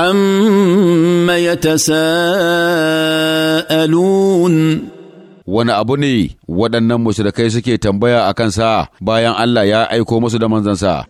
amma yatasaalun wani abu ne waɗannan mushrikai suke tambaya a kansa bayan Allah ya aiko musu da manzansa